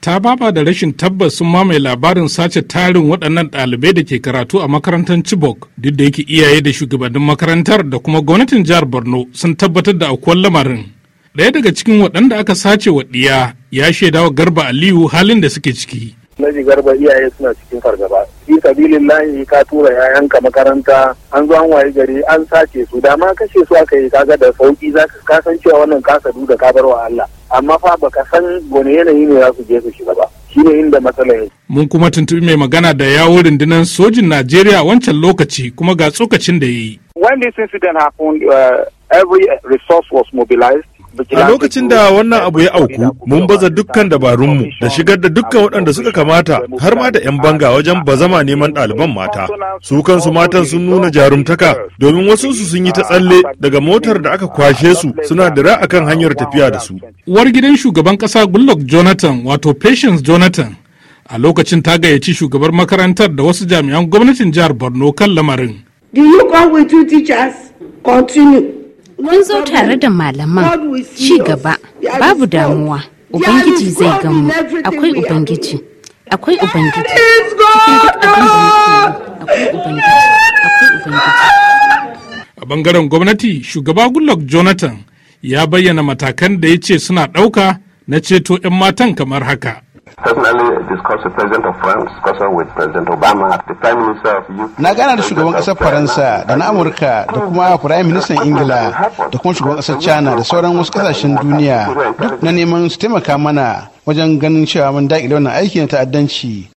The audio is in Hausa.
ta baba da rashin tabbas sun mamaye labarin sace tarin waɗannan ɗalibai da ke karatu a makarantar Chibok duk da yake iyaye da shugabannin makarantar da kuma gwamnatin jihar Borno sun tabbatar da akwai lamarin. Ɗaya daga cikin waɗanda aka sace wa ɗiya ya shaidawa Garba Aliyu halin da suke ciki. Naji Garba iyaye suna cikin fargaba. shi sabilin layi ka tura yayanka makaranta an zo an waye gari an sace su dama kashe su aka yi kaga da sauki zaka cewa wannan sadu da wa Allah. amma fa baka san wani yanayi ne za su je su shiga ba shi ne inda matsala yake mun kuma tuntubi mai magana da yawo rundunar sojin Najeriya wancan lokaci kuma ga tsokacin da yayi when this incident happened uh, every resource was mobilized A lokacin da wannan abu ya auku, mun baza dukkan dabarunmu da shigar da dukkan waɗanda suka kamata har ma da 'yan banga wajen bazama neman ɗaliban mata. Su kansu matan sun nuna jarumtaka domin wasu su sun yi ta tsalle daga motar da aka kwashe su suna da dira kan hanyar tafiya da su. Uwar gidan shugaban ƙasa Goodluck Jonathan wato Patience Jonathan a lokacin ta gayyaci shugabar makarantar da wasu jami'an gwamnatin jihar Borno kan lamarin. you mun zo tare da malaman ci gaba babu damuwa ubangiji zai gamu akwai ubangiji akwai ubangiji akwai ubangiji a bangaren gwamnati shugaba goodluck jonathan ya bayyana matakan da ya ce suna ɗauka na ceto 'yan matan kamar haka Na gana da shugaban ƙasar Faransa da na Amurka da kuma Firayim Ministan Ingila da kuma shugaban ƙasar China da sauran wasu kasashen duniya duk na neman su taimaka mana wajen ganin cewa mun daƙile wannan aiki na ta'addanci.